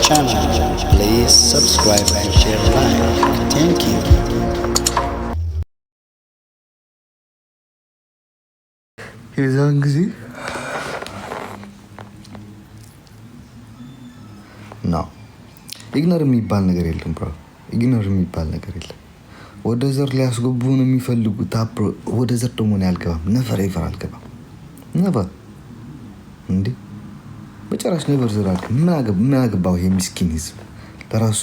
channel. Please subscribe and share like. Thank you. የዛን ጊዜ ነው ኢግኖር የሚባል ነገር የለም ብሮ፣ ኢግኖር የሚባል ነገር የለም። ወደ ዘር ሊያስገቡን የሚፈልጉት ወደ ዘር ደግሞ እኔ አልገባም፣ ነፈር ይፈር አልገባም፣ ነፈር እንዲህ በጭራሽ ነበር ዝራል። ምን አገባው ይሄ ምስኪን ህዝብ ለራሱ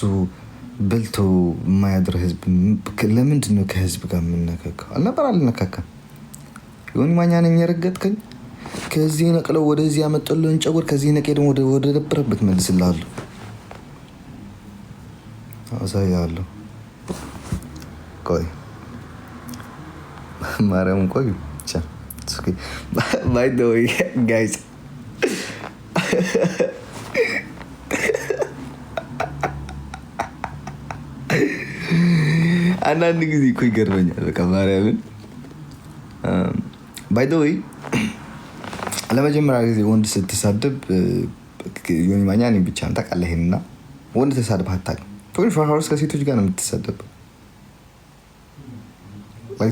በልቶ የማያድር ህዝብ ለምንድን ነው ከህዝብ ጋር የምነካካው? አልነበር አልነካካም። ይሁን ማኛ ነኝ የረገጥከኝ፣ ከዚህ ነቅለው ወደዚህ ያመጠለን ጨጉር፣ ከዚህ ነቄ ደግሞ ወደ ነበረበት መልስልሃለሁ። አሳያለሁ። ቆይ ማርያም ቆይ ባይ ዘ ወይ ጋይስ አንዳንድ ጊዜ እኮ ይገርመኛል። በቃ ማርያምን ባይ ዘ ወይ ለመጀመሪያ ጊዜ ወንድ ስትሳድብ ዮኒ ማኛ እኔ ብቻ ነው ታውቃለህ። ይሄንና ወንድ ተሳድብ አታውቅም። ቶኒ ፎር ሀውርስ ከሴቶች ጋር ነው የምትሳደብ።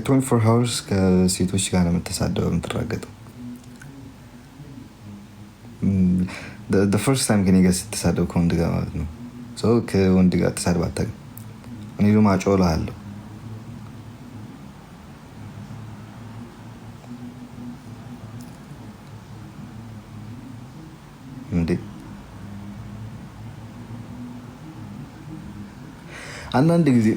ቶኒ ፎር ሀውርስ ከሴቶች ጋር ነው የምትሳደብ የምትራገጠው። ፈርስት ታይም ከኔ ጋር ስትሳደብ ከወንድ ጋር ማለት ነው። ሰው ከወንድ ጋር ተሳድብ አታውቅም። እኔ ደግሞ አጮላለሁ እንዴ አንዳንድ ጊዜ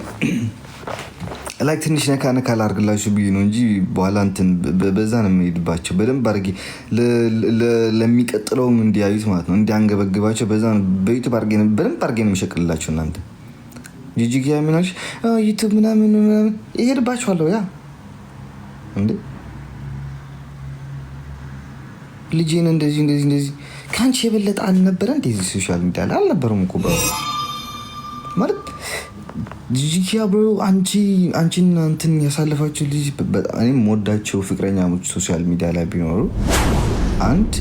ላይ ትንሽ ነካ ነካ ላርግላችሁ ብዬ ነው እንጂ በኋላ እንትን በዛ ነው የምሄድባቸው። በደንብ አድርጌ ለሚቀጥለውም እንዲያዩት ማለት ነው እንዲያንገበግባቸው። በዛ በዩቱብ በደንብ አርጌ ነው የሚሸቅልላቸው። እናንተ ጂጂግ ሚናች ዩቱብ ምናምን ምናምን ይሄድባችኋለሁ። ያ እንዴ ልጄን እንደዚህ እንደዚህ እንደዚህ ከአንቺ የበለጠ አልነበረ እንደ እዚህ ሶሻል ሚዲያ ላይ አልነበረም እኮ ማለት ያ ብሮ አንቺ አንቺና እንትን ያሳለፋቸው ልጅ በጣም ወዳቸው ፍቅረኛሞች ሶሻል ሚዲያ ላይ ቢኖሩ አንድ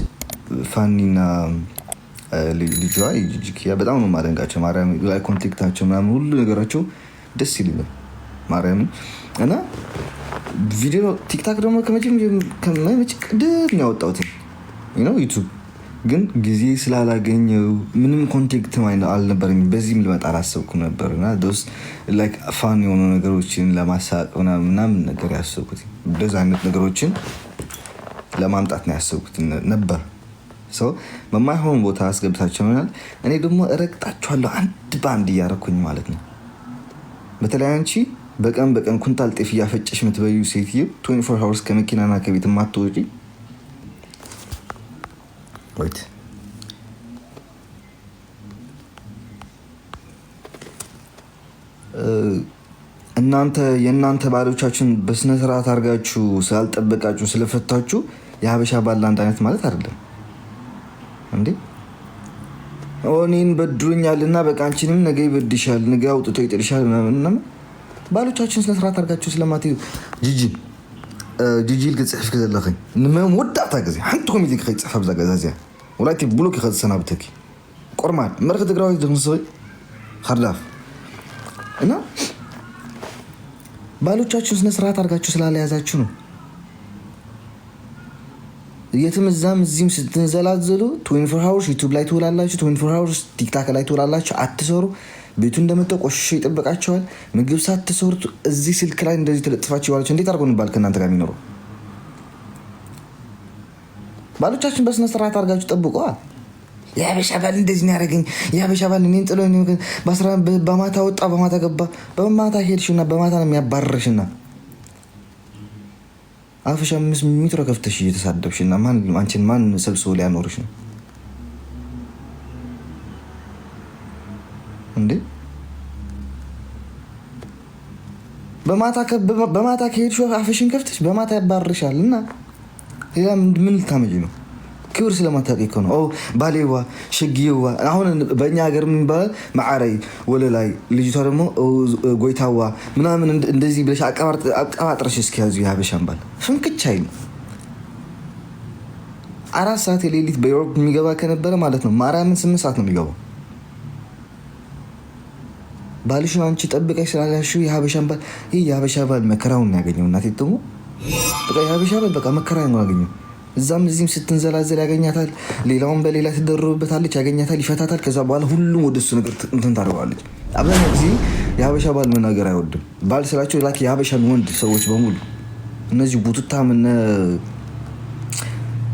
ፋኒና ልጇ ጂጂኪያ በጣም ነው ማደንቃቸው። ማርያም ላይ ኮንቴክታቸው ምናምን ሁሉ ነገራቸው ደስ ይልኛል ማርያም እና ቪዲዮ ቲክታክ ደግሞ ከመቼም ቅድም ያወጣሁትን ነው ዩቱብ ግን ጊዜ ስላላገኘው ምንም ኮንቴክት አልነበረኝ። በዚህም ልመጣ አላሰብኩ ነበር እና ስ ፋን የሆኑ ነገሮችን ለማሳቅ ምናምን ነገር ያሰብኩት እንደዚ አይነት ነገሮችን ለማምጣት ነው ያሰብኩት ነበር። ሰው በማይሆን ቦታ አስገብታቸው ይሆናል። እኔ ደግሞ እረግጣችኋለሁ አንድ በአንድ እያረኩኝ ማለት ነው። በተለይ አንቺ በቀን በቀን ኩንታል ጤፍ እያፈጨሽ የምትበዩ ሴትዮ 24 ሀውርስ ከመኪናና ከቤት ማትወጪ wait እናንተ የእናንተ ባሎቻችን በስነ ስርዓት አድርጋችሁ ስላልጠበቃችሁ ስለፈታችሁ የሀበሻ ባል አንድ አይነት ማለት አይደለም እንዴ? እኔን በድሮኛልና በቃ አንቺንም ነገ ይበድሻል፣ ነገ አውጥቶ ይጥልሻል ምናምን። ባሎቻችን ስነ ስርዓት አድርጋችሁ ስለማት ጂጂ ጂጂ ልክፅሕፍ ክዘለኸኝ ወዳእታ ጊዜ ሓንቲ ኮሚቴ ክኸይፅሕፍ ኣብዛ ገዛ እዚያ ወላይቲ ብሉክ ይኸ ዝሰናብተኪ ቆርማድ መርክ ትግራዊ ድምስይ ካርዳፍ እና ባሎቻችሁን ስነስርዓት አድርጋችሁ ስላለያዛችሁ ነው የትም እዛም እዚህም ስትንዘላዘሉ ትዌንፎር ሃውርስ ዩቱብ ላይ ትውላላችሁ፣ ትዌንፎር ሃውርስ ቲክታክ ላይ ትውላላችሁ። አትሰሩ። ቤቱ እንደመጣው ቆሽሾ ይጠብቃቸዋል። ምግብ ሳትሰሩ እዚህ ስልክ ላይ እንደዚህ ተለጥፋችሁ ይዋላችሁ። እንዴት አድርጎ ንባል ከእናንተ ጋር የሚኖረው ባሎቻችን በስነ ስርዓት አድርጋችሁ ጠብቋ። የአበሻ ባል እንደዚህ ነው ያደረገኝ፣ የአበሻ ባል እኔን ጥሎ በማታ ወጣ፣ በማታ ገባ፣ በማታ ሄድሽና በማታ ነው የሚያባረርሽና አፍሻ ምስ ሚትሮ ከፍተሽ እየተሳደብሽና አንቺን ማን ሰብስቦ ሊያኖርሽ ነው እንዴ? በማታ ከሄድሽ አፍሽን ከፍተሽ በማታ ያባርሻል እና ምን ልታመጪ ነው? ክብር ስለማታውቂ እኮ ነው። ባሌዋ ሸጊዋ አሁን በእኛ ሀገር ምን ማዕረይ ወለላይ፣ ልጅቷ ደግሞ ጎይታዋ ምናምን እንደዚህ ብለሽ አቀባጥረሽ እስኪያዙ የሀበሻን ባል ፍንክች አይሉ አራት ሰዓት የሌሊት በኢሮፕ የሚገባ ከነበረ ማለት ነው ማርያምን ስምንት ሰዓት ነው የሚገባው። ባልሽን አንቺ ጠብቀሽ ስላላሹ የሀበሻን ባል ይህ የሀበሻ ባል መከራውን ያገኘው እናቴ ጥሙ በቃ የሀበሻ በል በቃ መከራ ነው ያገኘው። እዛም እዚህም ስትንዘላዘል ያገኛታል። ሌላውን በሌላ ትደርብበታለች፣ ያገኛታል፣ ይፈታታል። ከዛ በኋላ ሁሉም ወደሱ ነገር እንትን ታደርገዋለች። አብዛኛው ጊዜ የሀበሻ ባል መናገር አይወድም። ባል ስላቸው ላ የሀበሻን ወንድ ሰዎች በሙሉ እነዚህ ቡቱታም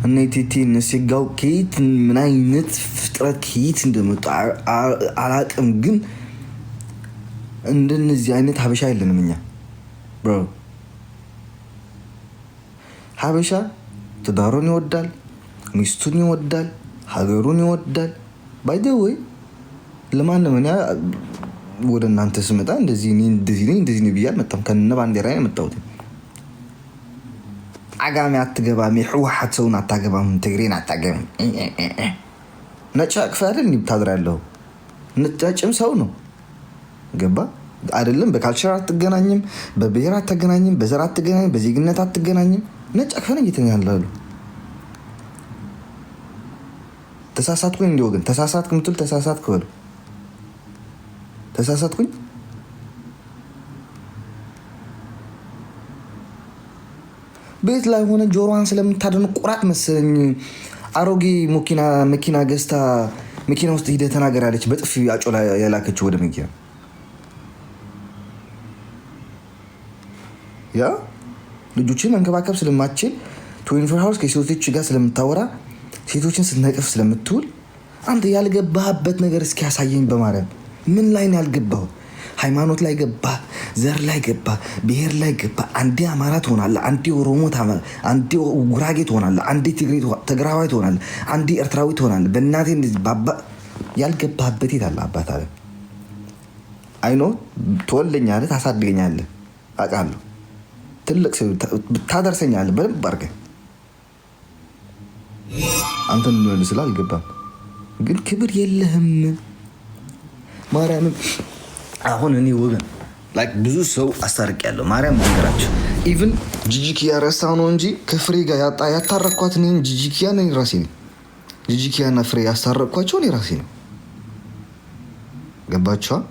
እነ እቴቴ እነ ሴጋው ከየት ምን አይነት ፍጥረት ከየት እንደመጡ አላቅም፣ ግን እንደነዚህ አይነት ሀበሻ የለንም እኛ ሀበሻ ትዳሩን ይወዳል፣ ሚስቱን ይወዳል፣ ሀገሩን ይወዳል። ባይደ ወይ ለማንም እኔ ወደ እናንተ ስመጣ እንደዚህ እንደዚህ እንደዚህ ብዬ አልመጣም። ከነ ባንዴራ የመጣሁት አጋሚ አትገባም፣ የሕወሓት ሰውን አታገባም፣ ትግሬን አታገባም። ነጭ አቅፍ አይደል ታድር ያለው ነጭም ሰው ነው። ገባ አይደለም? በካልቸር አትገናኝም፣ በብሔር አትገናኝም፣ በዘር አትገናኝም፣ በዜግነት አትገናኝም። ነጭ አካል እየተኛል ተሳሳትኩኝ፣ እንዲ ወገን ተሳሳትክ ምትል ተሳሳትክ በሉ። ተሳሳትኩኝ ቤት ላይ ሆነ ጆሮዋን ስለምታደን ቁራጥ መሰለኝ አሮጌ መኪና ገዝታ መኪና ውስጥ ሂደ ተናገር በጥፊ በጥፊ ላይ የላከችው ወደ መኪና ያ ልጆችን መንከባከብ ስለማችል ቶኒፎር ሀውስ ከሴቶች ጋር ስለምታወራ ሴቶችን ስትነቅፍ ስለምትውል አንተ ያልገባህበት ነገር እስኪያሳየኝ በማለት ምን ላይ ነው ያልገባው? ሃይማኖት ላይ ገባ፣ ዘር ላይ ገባ፣ ብሔር ላይ ገባ። አንዴ አማራ ትሆናለህ፣ አንዴ ኦሮሞ፣ አንዴ ጉራጌ ትሆናለህ፣ አንዴ ትግራዋይ ትሆናለህ፣ አንዴ ኤርትራዊ ትሆናለህ። በእናቴ ያልገባህበት የት አለ አባት አለ አይኖ ትወልደኛለህ፣ ታሳድገኛለህ፣ አውቃለሁ ትልቅ ታደርሰኛለህ። በደንብ አድርገህ አንተን ሊሆን ስለ አልገባም፣ ግን ክብር የለህም። ማርያምም አሁን እኔ ወገን ላይክ ብዙ ሰው አስታርቅ ያለው ማርያም ነገራቸው ኢቭን ጂጂኪያ ረሳ ነው እንጂ ከፍሬ ጋር ያታረኳት እኔን ጂጂኪያ ነኝ ራሴ ነኝ። ጂጂኪያና ፍሬ ያስታረቅኳቸው እኔ ራሴ ነው። ገባችኋል?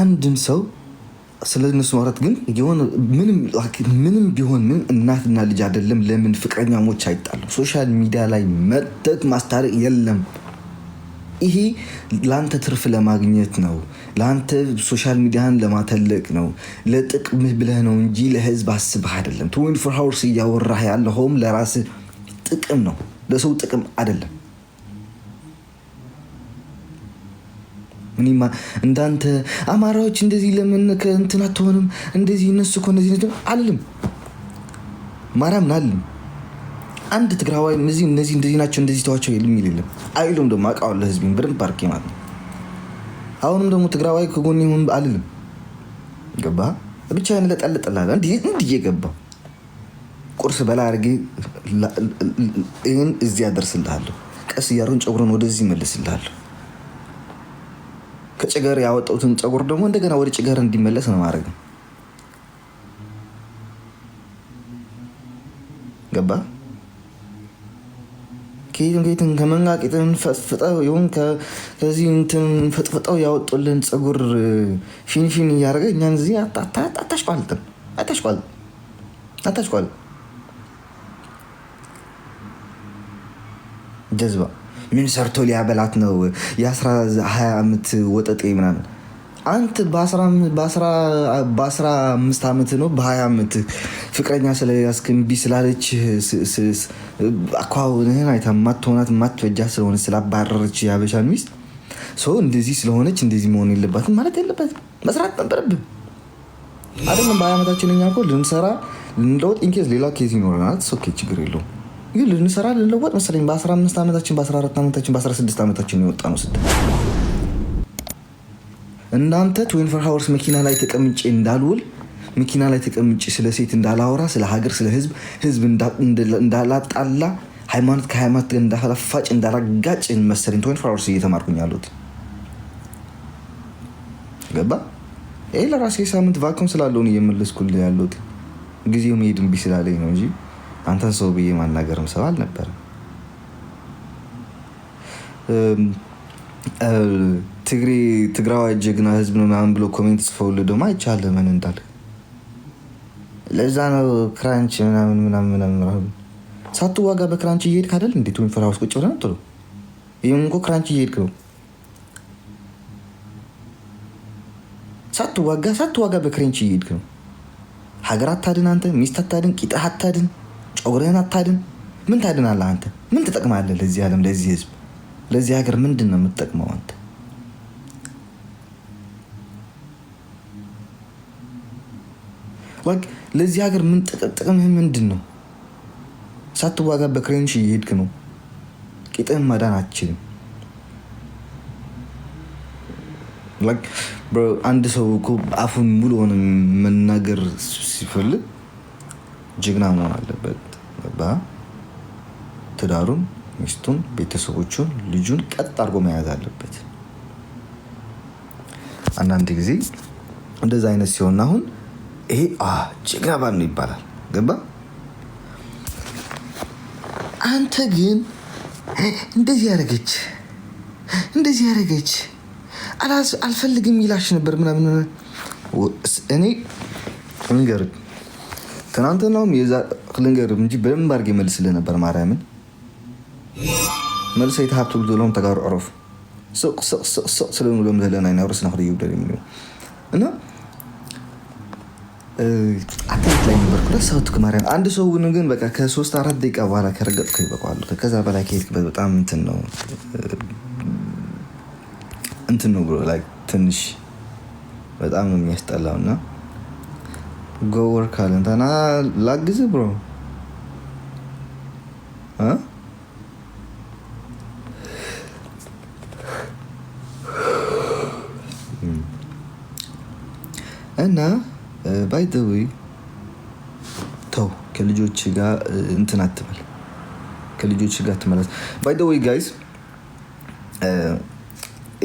አንድን ሰው ስለ እነሱ ማውራት ግን የሆነ ምንም ቢሆን ምን እናትና ልጅ አይደለም። ለምን ፍቅረኛሞች አይጣሉም? ሶሻል ሚዲያ ላይ መጠቅ ማስታረቅ የለም። ይሄ ለአንተ ትርፍ ለማግኘት ነው። ለአንተ ሶሻል ሚዲያን ለማተለቅ ነው። ለጥቅምህ ብለህ ነው እንጂ ለህዝብ አስበህ አይደለም። ትዌንቲ ፎር ሃውርስ እያወራህ ያለሆም ለራስህ ጥቅም ነው፣ ለሰው ጥቅም አይደለም። እኔማ እንዳንተ አማራዎች እንደዚህ ለምን ከእንትን አትሆንም? እንደዚህ እነሱ እኮ እንደዚህ ነ አልልም፣ ማርያምን አልም አንድ ትግራዋይ እነዚህ እነዚህ እንደዚህ ናቸው እንደዚህ ተዋቸው የለም የሚል የለም አይሉም። ደሞ አውቃዋለሁ ህዝቤን በደንብ ፓርክ ማለት ነው። አሁንም ደግሞ ትግራዋይ ከጎን ይሁን አልልም። ገባ ብቻ ለጠለጠላለ እንዲ እየገባ ቁርስ በላ አድርጌ ይህን እዚህ ያደርስልሃለሁ። ቀስ እያሩን ጨጉረን ወደዚህ ይመልስልሃለሁ። ከጭገር ያወጣሁትን ጸጉር ደግሞ እንደገና ወደ ጭገር እንዲመለስ ነው ማድረግ ነው። ገባ ከየትን ከየትን ከመንጋቂትን ፈጥፍጠው ይሁን ከዚህ እንትን ፈጥፍጠው ያወጡልን ጸጉር ፊንፊን እያደረገ እኛን እዚህ አታሽቋልጥን አታሽቋል አታሽቋል ጀዝባ ምን ሰርቶ ሊያበላት ነው? የ ሀያ ዓመት ወጠጤ ምናምን አንተ በ15 ዓመት ነው በ20 ዓመት ፍቅረኛ ስለያዝክ እምቢ ስላለች አኳንህን አይታ ማትሆናት ማትበጃ ስለሆነ ስላባረረች ያበሻ ሚስት ሰው እንደዚህ ስለሆነች እንደዚህ መሆን የለባትም ማለት የለበትም። መስራት ነበረብን አይደለም። በሀያ ዓመታችን እኛ እኮ ልንሰራ ልንለወጥ ኢንኬዝ ሌላ ኬዝ ይኖረናል። ሶኬ ችግር የለውም። ይህ ልንሰራ ልንለወጥ መሰለኝ በ15 ዓመታችን በ14 ዓመታችን በ16 ዓመታችን የወጣ ነው ስደት። እንዳንተ ትዌንፈር ሀወርስ መኪና ላይ ተቀምጬ እንዳልውል መኪና ላይ ተቀምጬ ስለ ሴት እንዳላወራ፣ ስለ ሀገር፣ ስለ ህዝብ ህዝብ እንዳላጣላ፣ ሃይማኖት ከሃይማኖት እንዳላፋጭ እንዳላጋጭ መሰለኝ ትዌንፈር ሀወርስ እየተማርኩኝ ያሉት ገባ። ይህ ለራሴ ሳምንት ቫኮም ስላለውን እየመለስኩል ያሉት ጊዜው መሄድ እምቢ ስላለኝ ነው እንጂ አንተን ሰው ብዬ ማናገርም ሰው አልነበረም። ትግሬ ትግራዋይ ጀግና ህዝብ ነው ምናምን ብሎ ኮሜንት ጽፈውልህ ደግሞ አይቻልህ ምን እንዳልክ። ለዛ ነው ክራንች ምናምን ምናምን ምናምን ሳትዋጋ በክራንች እየሄድክ አይደል? እንዴት ወይም ፍራ ውስጥ ቁጭ ብለህ ነው ይህም እኮ ክራንች እየሄድክ ነው። ሳትዋጋ ሳትዋጋ በክራንች እየሄድክ ነው። ሀገር አታድን አንተ፣ ሚስት አታድን፣ ቂጣ አታድን። ጨጉርህን አታድን። ምን ታድናለህ አንተ? ምን ትጠቅማለህ? ለዚህ ዓለም፣ ለዚህ ህዝብ፣ ለዚህ ሀገር ምንድን ነው የምትጠቅመው አንተ? ለዚህ ሀገር ምን ጥቅምህ ምንድን ነው? ሳትዋጋ በክሬንሽ እየሄድክ ነው። ቂጥህን መዳን አችልም። አንድ ሰው እኮ አፉን ሙሉ ሆነ መናገር ሲፈልግ ጀግና መሆን አለበት። ትዳሩን፣ ሚስቱን፣ ቤተሰቦቹን፣ ልጁን ቀጥ አድርጎ መያዝ አለበት። አንዳንድ ጊዜ እንደዛ አይነት ሲሆን አሁን ይሄ ጀግና ባል ነው ይባላል። ገባ? አንተ ግን እንደዚህ ያደረገች እንደዚህ ያደረገች አልፈልግም ይላሽ ነበር ምናምን። እኔ እንገርህ ትናንትናውም ልንገርም እንጂ በደንብ አድርጌ መልስልህ ነበር። ማርያምን መልሰ የተሃብት ዘለዎም ተጋሩ ዕረፉ ስቕስቕስቕስቕ ስለንብሎም ዘለና ይናብረስና ክደ ይብደል የምል እና አተት ላይ ነበር ኩዳ ሰቱ ማርያም አንድ ሰው ግን በቃ ከሶስት አራት ደቂቃ በኋላ ከረገጥኩ ይበቃዋሉ። ከዛ በላይ ከሄድክበት በጣም እንትን ነው እንትን ነው ብሎ ላይ ትንሽ በጣም ነው የሚያስጠላው እና ጎ ወርክ አለ እንትና ላግዝ ብሮ Hmm. እና ባይ ዘ ዌይ ተው ከልጆች ጋር uh, እንትን አትበል፣ ከልጆች ጋር አትመለስ። ባይ ዘ ዌይ ጋይዝ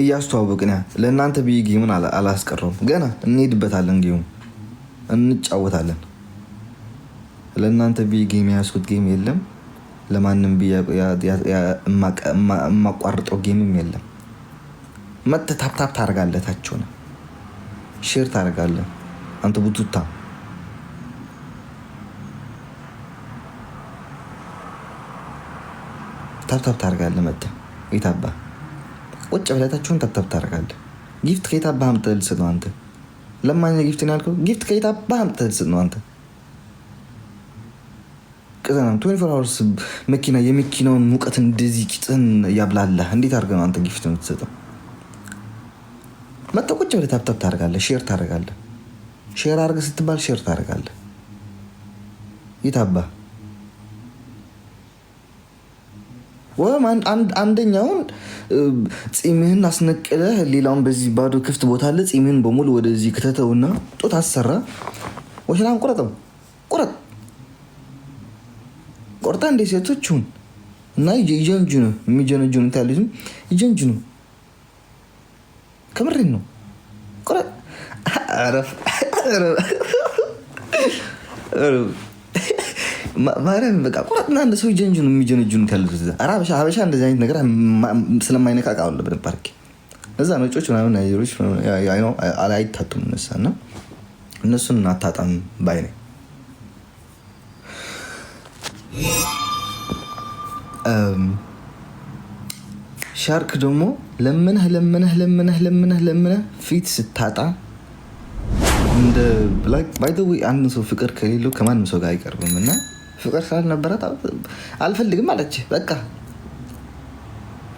እያስተዋወቅን ያ ለእናንተ ብዬ ጌምን አላስቀረውም። ገና እንሄድበታለን፣ ጌሙ እንጫወታለን። ለእናንተ ብዬ ጌም የያዝኩት ጌም የለም። ለማንም የማቋርጠው ጌምም የለም። መጥተህ ታፕታፕ ታደርጋለህ፣ ታች ሆነህ ሼር ታደርጋለህ። አንተ ቡቱታ ታብታብ ታደርጋለህ። መጥተህ የታባ ቁጭ ብለህ ታብታብ ታፕታፕ ታደርጋለህ። ጊፍት ከየታባ አምጥተህ ልስጥ ነው አንተ ለማን ጊፍት ያልከው? ጊፍት ከየታባ አምጥተህ ልስጥ ነው አንተ ቅዘናም ትዌንቲ ፎር አወርስ መኪና የመኪናውን ሙቀት እንደዚህ ቂጥን ያብላላህ። እንዴት አድርገህ ነው አንተ ጊፍት የምትሰጠው? መጠቆጭ ቁጭ ብለህ ታፕታፕ ታደርጋለህ፣ ሼር ታደርጋለህ። ሼር አድርገህ ስትባል ሼር ታደርጋለህ። ይታባ ወይም አንደኛውን ፂምህን አስነቅለህ ሌላውን በዚህ ባዶ ክፍት ቦታ አለ። ፂምህን በሙሉ ወደዚህ ክተተውና ጡት አሰራ ወሽላን ቁረጠው ቁረጥ ቆርጣ እንደ ሴቶች ሁን እና ይጀንጁ ነው የሚጀነጁ ነው ታያለችም ይጀንጁ ነው። ከምሬን ነው። ማርያም በቃ ቁረጥና አንድ ሰው ጀንጅ ነው የሚጀነጁን ያሉት ሀበሻ እንደዚህ አይነት ነገር ስለማይነቃቃ አለ በነባር እዛ ነጮች ምናምን ናይሮች አይታቱም እነሳ እና እነሱን አታጣም ባይ ነኝ። ሻርክ ደግሞ ለምነህ ለምነህ ለምነህ ለምነህ ለምነህ ፊት ስታጣ እንደ ወይ አንድ ሰው ፍቅር ከሌለው ከማንም ሰው ጋር አይቀርብም። እና ፍቅር ስላልነበራት አልፈልግም አለች። በቃ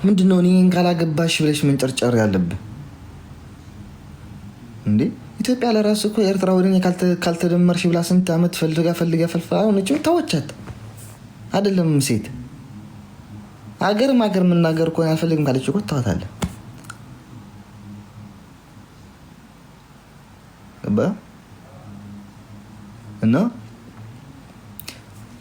ምንድነው እኔን ካላገባሽ ብለሽ መንጨርጨር ያለብህ እንዴ? ኢትዮጵያ ለራሱ እኮ ኤርትራ ወደ ካልተደመርሽ ብላ ስንት ዓመት ፈልጋ ፈልጋ ፈልፋ ሆነች። ታወቻት አይደለም ሴት አገርም አገር መናገር ኮ አልፈልግም ካለች እኮ ትተዋታለህ። እና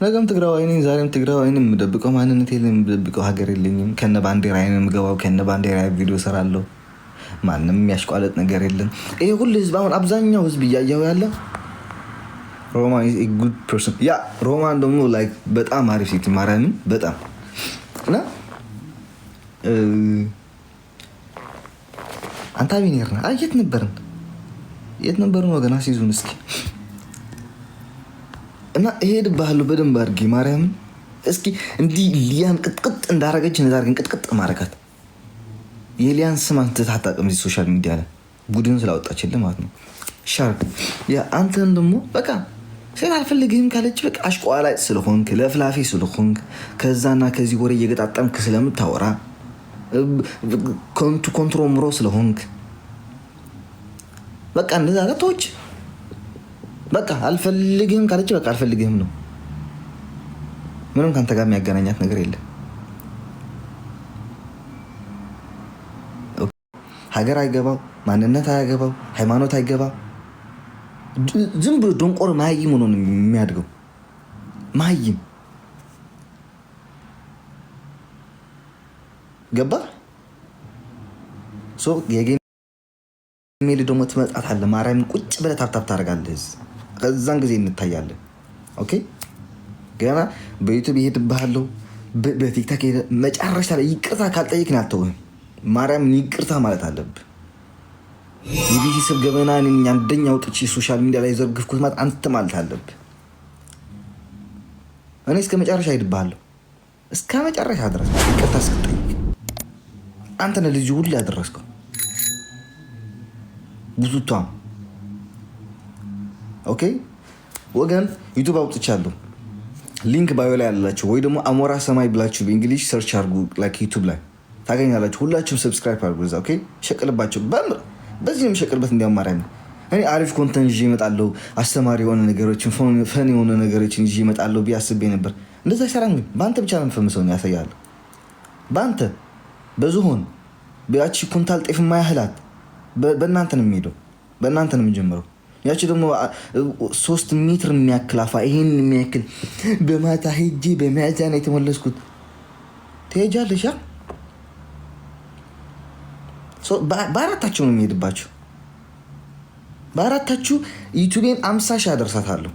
ነገም ትግራዋይ ነኝ፣ ዛሬም ትግራዋይ ነኝ። የምደብቀው ማንነት የለኝም፣ የምደብቀው ሀገር የለኝም። ከነ ባንዲራ አይነ የምገባው ከነ ባንዴራ ቪዲዮ እሰራለሁ። ማንም የሚያሽቋለጥ ነገር የለም። ይሄ ሁሉ ህዝብ አሁን አብዛኛው ህዝብ እያየው ያለ ሮማ ጉድ ፐርሰን ያ ሮማን ደግሞ ላይክ በጣም አሪፍ ሴት ማርያምን በጣም እና አንተ አቢኔር ነህ። አይ የት ነበርን? የት ነበርን ወገና ሲዙን እስኪ እና እሄድብሃለሁ በደንብ አድርጌ ማርያምን እስኪ እንዲህ ሊያን ቅጥቅጥ እንዳረገች ነዛ ቅጥቅጥ ማረጋት። የሊያን ስም አንተ ታጣቅም እዚህ ሶሻል ሚዲያ ላይ ቡድን ስላወጣችልህ ማለት ነው። ሻርፕ አንተን ደግሞ በቃ ሴት አልፈልግህም ካለች በቃ አሽቋላጭ ስለሆንክ ለፍላፊ ስለሆንክ ከዛና ከዚህ ወሬ እየገጣጠምክ ስለምታወራ ኮንቱ ኮንትሮ ምሮ ስለሆንክ በቃ እንደዛ ጋቶች በቃ አልፈልግህም ካለች በቃ አልፈልግህም ነው። ምንም ከአንተ ጋር የሚያገናኛት ነገር የለም። ሀገር አይገባው፣ ማንነት አያገባው፣ ሃይማኖት አይገባ ዝም ብሎ ደንቆሮ መሀይም ሆኖ ነው የሚያድገው። መሀይም ገባ። የጌሜል ደግሞ ትመጣት አለ ማርያምን ቁጭ ብለህ ታብታብ ታደርጋለህ። ከዛን ጊዜ እንታያለን። ኦኬ ገና በዩቱብ ይሄድብሃለሁ፣ በቲክታክ መጨረሻ ላይ ይቅርታ ካልጠየቅን አልተውህም። ማርያምን ይቅርታ ማለት አለብህ። የቤተሰብ ገበናን አንደኛ አውጥቼ ሶሻል ሚዲያ ላይ ዘርግፍኩት ማለት አንተ ማለት አለብህ። እኔ እስከ መጨረሻ ሄድብሃለሁ፣ እስከ መጨረሻ ድረስ ይቅርታ እስክጠይቅ። አንተ ነህ ልጁ ሁሉ ያደረስከው ብዙቷም። ኦኬ ወገን ዩቱብ አውጥቻለሁ። ሊንክ ባዮ ላይ ያላቸው ወይ ደግሞ አሞራ ሰማይ ብላችሁ በእንግሊሽ ሰርች አድርጉ ዩቱብ ላይ ታገኛላችሁ። ሁላችሁም ሰብስክራይብ አርጉ። እዛ ሸቅልባቸው በምር በዚህ ነው የሚሸቅልበት። እንዲያውም ማርያምን እኔ አሪፍ ኮንተንት ይዤ እመጣለሁ፣ አስተማሪ የሆነ ነገሮችን ፈን የሆነ ነገሮችን ይዤ እመጣለሁ ብዬ አስቤ ነበር። እንደዛ አይሰራም። ግን በአንተ ብቻ ነው የምፈምሰውን ያሳያለሁ። በአንተ በዝሆን ያቺ ኩንታል ጤፍ ማያህላት በእናንተ ነው የሚሄደው፣ በእናንተ ነው የሚጀምረው። ያቺ ደግሞ ሶስት ሜትር የሚያክል አፋ ይሄን የሚያክል በማታ ሄጄ በሚያዝያ ነው የተመለስኩት። ትሄጃለሽ ያ በአራታችሁ ነው የሚሄድባችሁ። በአራታችሁ ዩቱቤን አምሳ ሺህ አደርሳታለሁ።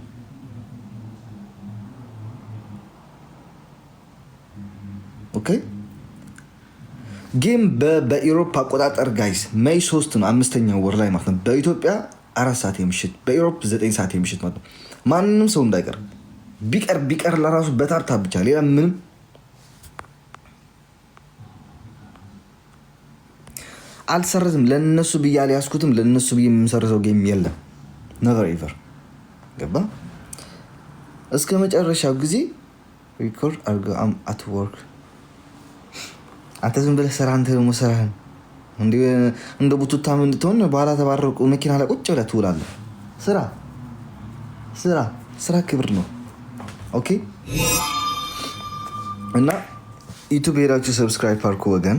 ኦኬ ጌም በኢሮፕ አቆጣጠር ጋይስ መይ ሶስት ነው አምስተኛው ወር ላይ ማለት ነው። በኢትዮጵያ አራት ሰዓት የምሽት በኢሮፕ ዘጠኝ ሰዓት የምሽት ማለት ነው። ማንም ሰው እንዳይቀር ቢቀር ቢቀር ለራሱ በታርታ ብቻ ሌላ ምንም አልሰርዝም። ለነሱ ብዬ አልያዝኩትም። ለነሱ ብዬ የምሰርዘው ጌም የለም። ነቨር ኤቨር ገባ እስከ መጨረሻው ጊዜ ሪኮርድ አርገ አም አት ወርክ አንተ ዝም ብለህ ስራ አንተ ደግሞ ስራህን እንደ ቡቱታ እንድትሆን በኋላ ተባረቁ መኪና ላይ ቁጭ ብለህ ትውላለህ። ስራ ስራ ስራ ክብር ነው። ኦኬ እና ዩቱብ ሄዳችሁ ሰብስክራይብ አርኩ ወገን።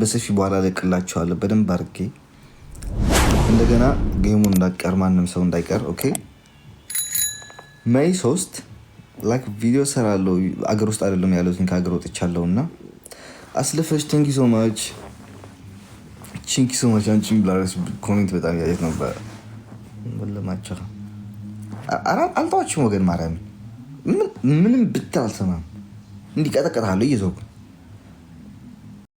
በሰፊ በኋላ ልቅላችኋለሁ በደንብ አድርጌ። እንደገና ጌሙን እንዳቀር ማንም ሰው እንዳይቀር። ኦኬ ሜይ ሶስት ላይክ ቪዲዮ ሰራለሁ። አገር ውስጥ አይደለም ያለሁትን ከሀገር ወጥቻለው እና አስለፈች ቴንኪ ሶ ማች ቺንኪ ሶ ማች አንቺን ብላረስ ኮሜንት በጣም ያየት ነበር። ወለማቸው አልተዋችም ወገን ማርያምን ምንም ብትል አልሰማም። እንዲቀጠቀጣለሁ እየዘጉ